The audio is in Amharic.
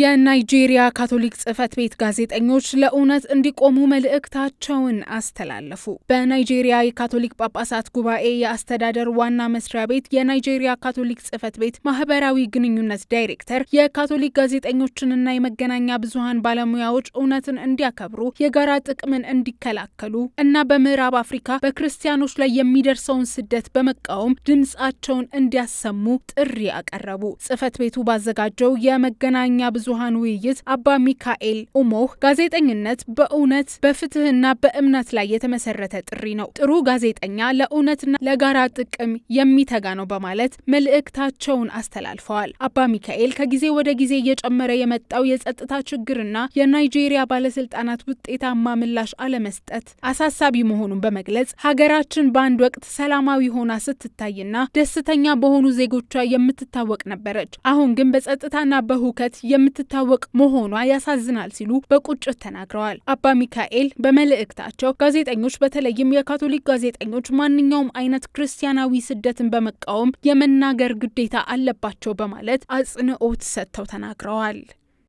የናይጄሪያ ካቶሊክ ጽህፈት ቤት ጋዜጠኞች ለእውነት እንዲቆሙ መልእክታቸውን አስተላለፉ። በናይጄሪያ የካቶሊክ ጳጳሳት ጉባኤ የአስተዳደር ዋና መስሪያ ቤት የናይጄሪያ ካቶሊክ ጽህፈት ቤት ማህበራዊ ግንኙነት ዳይሬክተር የካቶሊክ ጋዜጠኞችንና የመገናኛ ብዙሀን ባለሙያዎች እውነትን እንዲያከብሩ፣ የጋራ ጥቅምን እንዲከላከሉ እና በምዕራብ አፍሪካ በክርስቲያኖች ላይ የሚደርሰውን ስደት በመቃወም ድምፃቸውን እንዲያሰሙ ጥሪ አቀረቡ። ጽህፈት ቤቱ ባዘጋጀው የመገናኛ ብዙሃን ውይይት አባ ሚካኤል ኡሞህ ጋዜጠኝነት በእውነት በፍትህና በእምነት ላይ የተመሰረተ ጥሪ ነው፣ ጥሩ ጋዜጠኛ ለእውነትና ለጋራ ጥቅም የሚተጋ ነው በማለት መልእክታቸውን አስተላልፈዋል። አባ ሚካኤል ከጊዜ ወደ ጊዜ እየጨመረ የመጣው የጸጥታ ችግርና የናይጄሪያ ባለስልጣናት ውጤታማ ምላሽ አለመስጠት አሳሳቢ መሆኑን በመግለጽ ሀገራችን በአንድ ወቅት ሰላማዊ ሆና ስትታይና ደስተኛ በሆኑ ዜጎቿ የምትታወቅ ነበረች። አሁን ግን በጸጥታና በሁከት የም የምትታወቅ መሆኗ ያሳዝናል ሲሉ በቁጭት ተናግረዋል። አባ ሚካኤል በመልእክታቸው ጋዜጠኞች በተለይም የካቶሊክ ጋዜጠኞች ማንኛውም አይነት ክርስቲያናዊ ስደትን በመቃወም የመናገር ግዴታ አለባቸው በማለት አጽንኦት ሰጥተው ተናግረዋል።